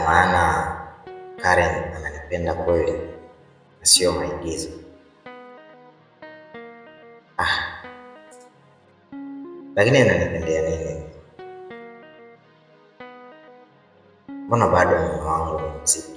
maana Karen ananipenda kweli na sio maigizo. Ah, lakini ananipendea nini? Mbona bado mume wangu ni mzito?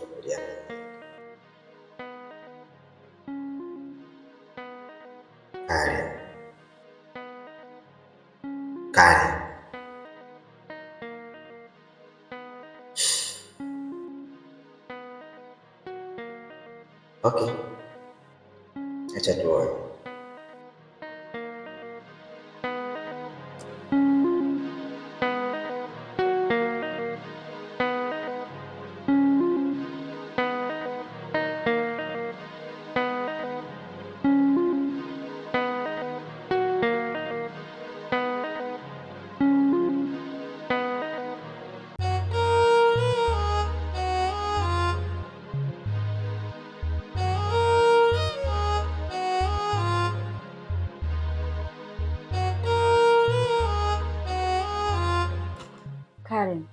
Karen,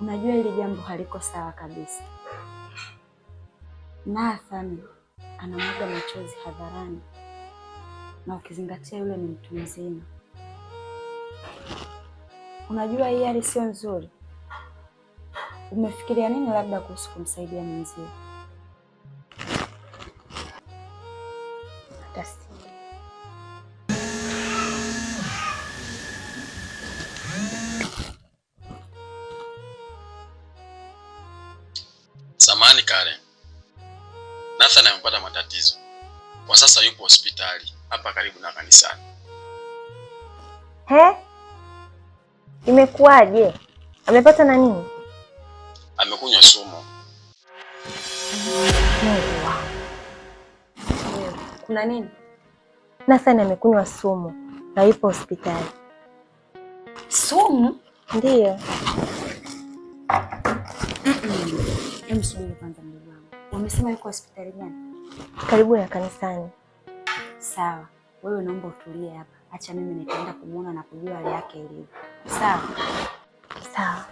unajua hili jambo haliko sawa kabisa. Nathan anamwaga machozi hadharani, na ukizingatia yule ni mtu mzima. Unajua hii hali sio nzuri. Umefikiria nini labda kuhusu kumsaidia mwenzio? Kale. Nathan amepata matatizo kwa sasa, yupo hospitali hapa karibu na kanisani. He, imekuwaje? Amepata na nini? Amekunywa sumu. Kuna nini? Nathan amekunywa sumu na yupo hospitali. Sumu? Ndiyo. Hebu subiri kwanza, mdogo wangu. Wamesema yuko hospitali gani? Karibu na kanisani. Sawa, wewe naomba utulie hapa, acha mimi nitaenda kumuona na kujua hali yake ilivyo. Sawa sawa.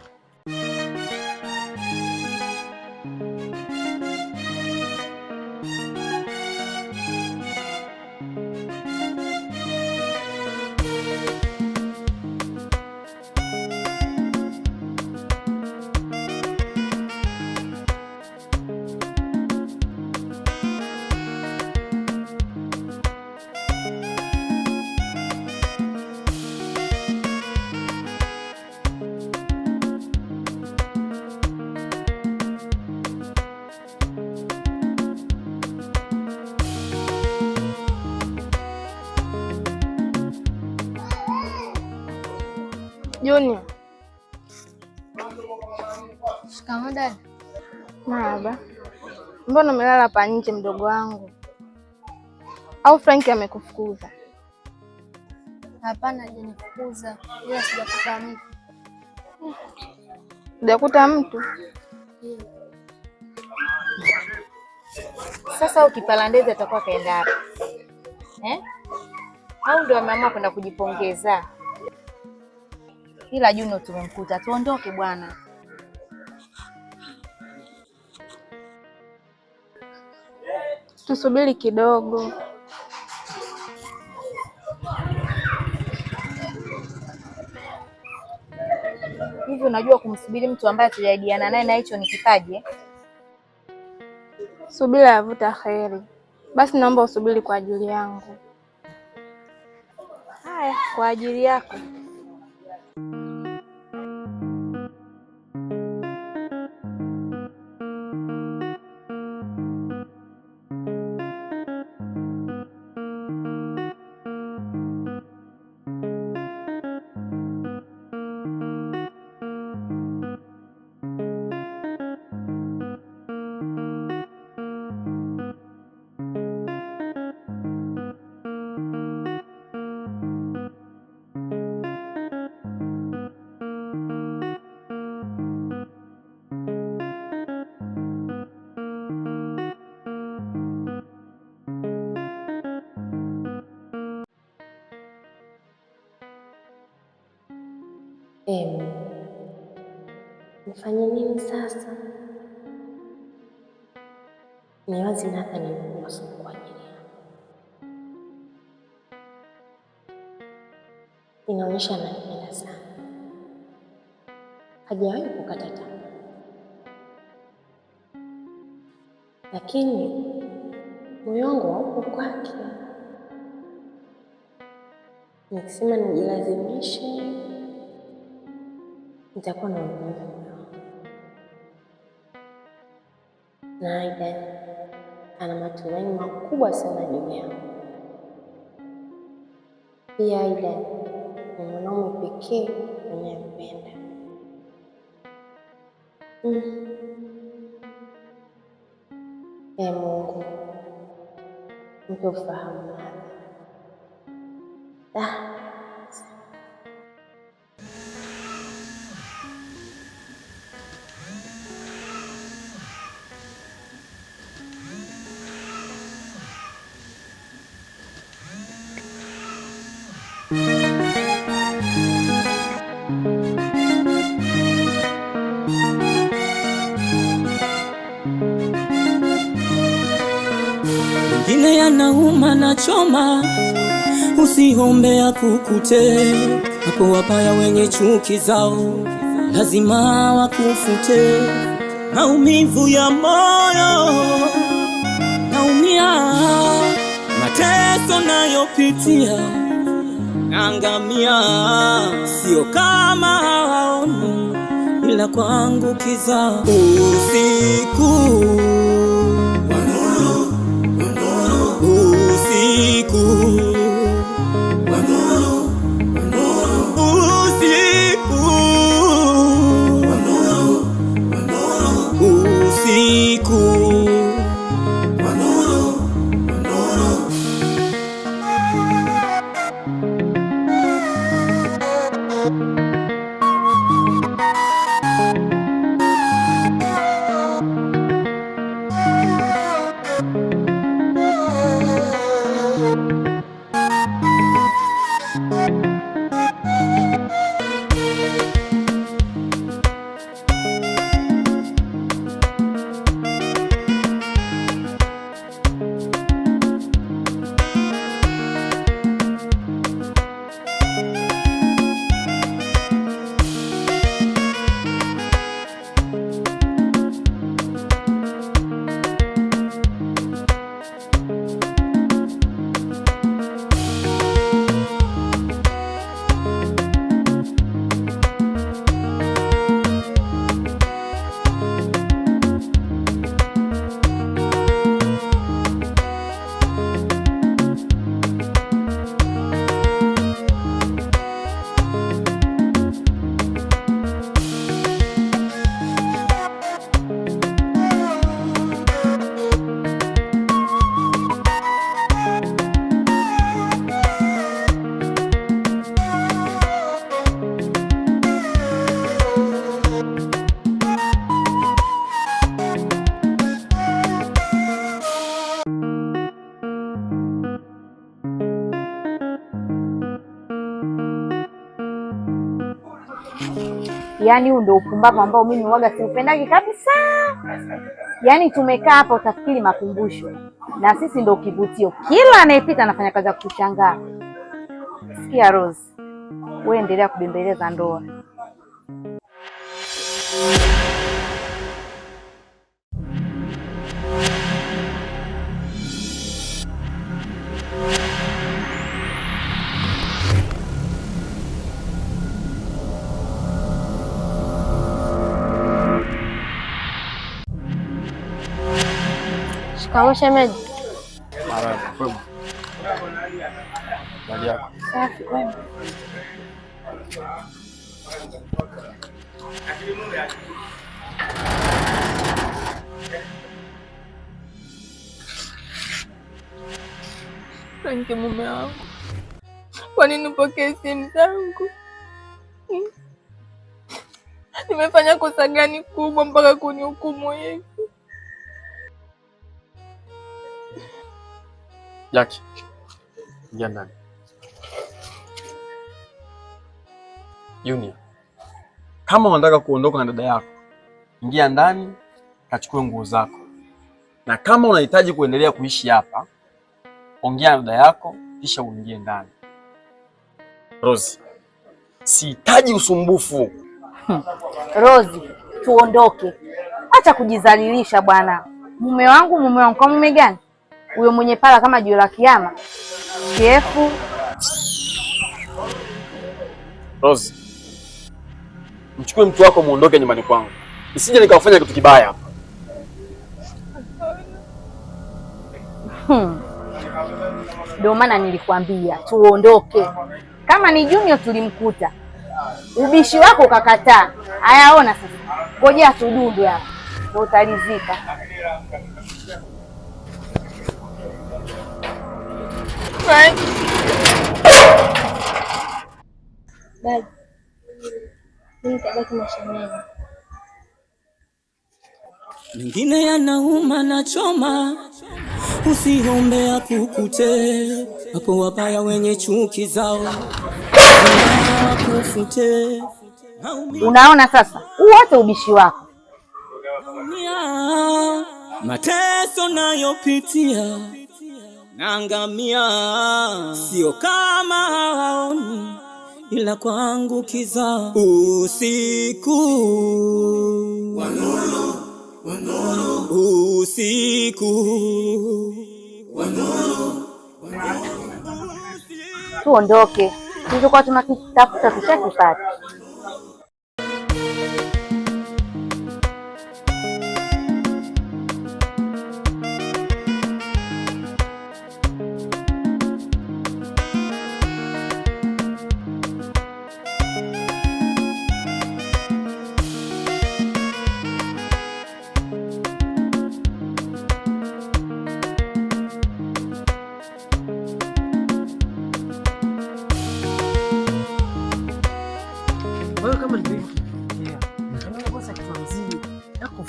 Junior. Shikamoo dada. Marahaba. Mbona umelala hapa nje mdogo wangu? Au Frank amekufukuza? Hapana, hajanifukuza ila sijakuta mtu. Sijakuta mtu? Sasa ukipalandezi atakuwa kaenda hapa eh? Au ndio ameamua kwenda kujipongeza? ila Juno tumemkuta, tuondoke bwana. Tusubiri kidogo. Hivi unajua kumsubiri mtu ambaye tujaidiana naye na hicho ni kipaji? Subira yavuta heri. Basi naomba usubiri kwa ajili yangu. Haya, kwa ajili yako. Nifanye nini sasa? Ni wazi Nathani mkubwa sana kwa ajili yako, inaonyesha ananipenda sana, hajawahi kukata tamaa, lakini moyo wangu hauko kwake. Nikisema nijilazimishe nitakuwa na ugumu na Aidan ana matumaini makubwa sana juu Pia Aidan ni mwanaume pekee ninayempenda. Mm. Mungu, mpe ufahamu choma, usiombe akukute. Hapo wabaya wenye chuki zao lazima wakufute. Maumivu ya moyo naumia, mateso nayopitia nangamia sio kama hawaoni, ila kwangu kiza usiku siku yani huu ndio upumbavu ambao mimi uwaga siupendagi kabisa. yani tumekaa hapa utafikiri makumbusho, na sisi ndio kivutio, kila anayepita anafanya kazi ya kushangaa Sikia Rose, wewe endelea kubembeleza ndoa. Shikamoo shemeji. Franki, mume wangu, kwa nini upokee simu zangu? Nimefanya kosa gani kubwa mpaka kunihukumu hivi? yake. Ingia ndani. Junior, kama unataka kuondoka na dada yako, ingia ndani, kachukue nguo zako, na kama unahitaji kuendelea kuishi hapa, ongea na dada yako, kisha uingie ndani. Rozi, sihitaji usumbufu. Hmm. Rozi, tuondoke, acha kujizalilisha bwana. Mume wangu, mume wangu, kwa mume gani? huyo mwenye pala kama jiwe la kiama kiefu. Rose, mchukue mtu wako muondoke nyumbani kwangu, isije nikafanya kitu kibaya hapa. Hmm. Ndio maana nilikwambia tuondoke. Kama ni Junior tulimkuta, ubishi wako ukakataa. Hayaona sasa, ngoja tudundu hapa utalizika. Alright. Bado mimi na Mengine yanauma na choma, usiombe akukute. Hapo wabaya wenye chuki zao wakufute. Unaona sasa, uwote ubishi wako, mateso nayopitia nangamia, sio kama haoni, ila kwangu kiza usiku wanuru, wanuru, usiku wanuru, wanuru. Tuondoke, tulichokuwa tunakitafuta tushakipata.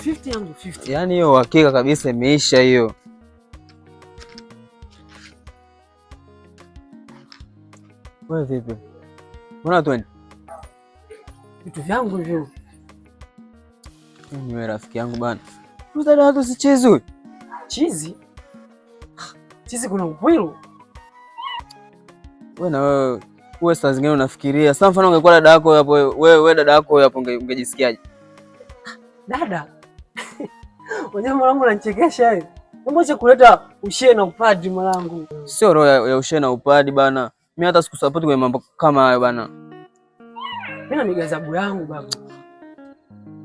50 yangu 50. Yaani hiyo uhakika kabisa imeisha hiyo. Wewe vipi? Mbona twende? Vitu vyangu hivyo. Ni Wewe rafiki yangu bana. Mzada watu si chizi. Chizi? Chizi kuna upwilu. Wewe na wewe wewe saa zingine unafikiria. Sasa mfano ungekuwa dada yako hapo wewe wewe dada yako hapo ungejisikiaje? Dada Unajua mwanangu, unanichekesha wewe. Eh. Mbona kuleta ushe na upadi mwanangu? Sio roho ya ushe na upadi bana. Mimi hata sikusupport kwenye mambo kama hayo bana. Mimi na migazabu yangu babu.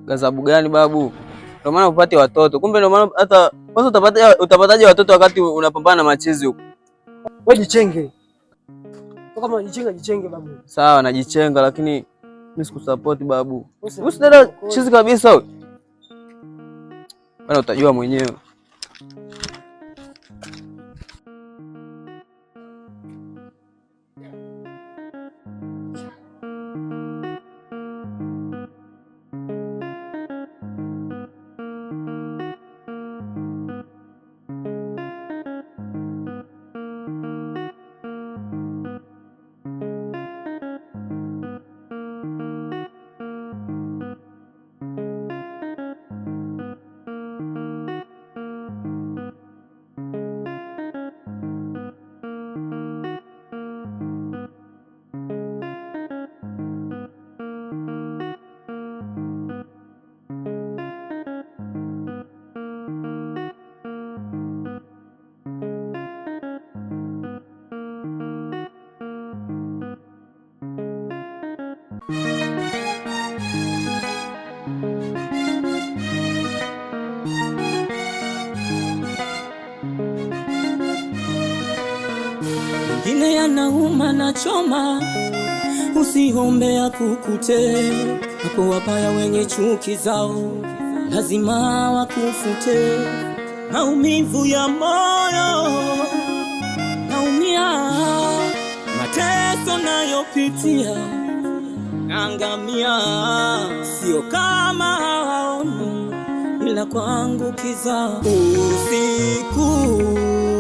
Gazabu gani babu? Ndio maana upate watoto. Kumbe ndio maana hata kwanza utapata utapataje watoto wakati unapambana na machezi huko. Wewe jichenge. Kama unajichenga jichenge babu. Sawa, najichenga lakini mimi sikusupport babu. Usidada chizi kabisa wewe. bueno, te ayuda muy bien. nauma na choma, usiombea kukute hapo. wapaya wenye chuki zao lazima wakufute. Maumivu ya moyo naumia, mateso nayopitia nangamia sio kama hawaoni, ila kwangu kiza usiku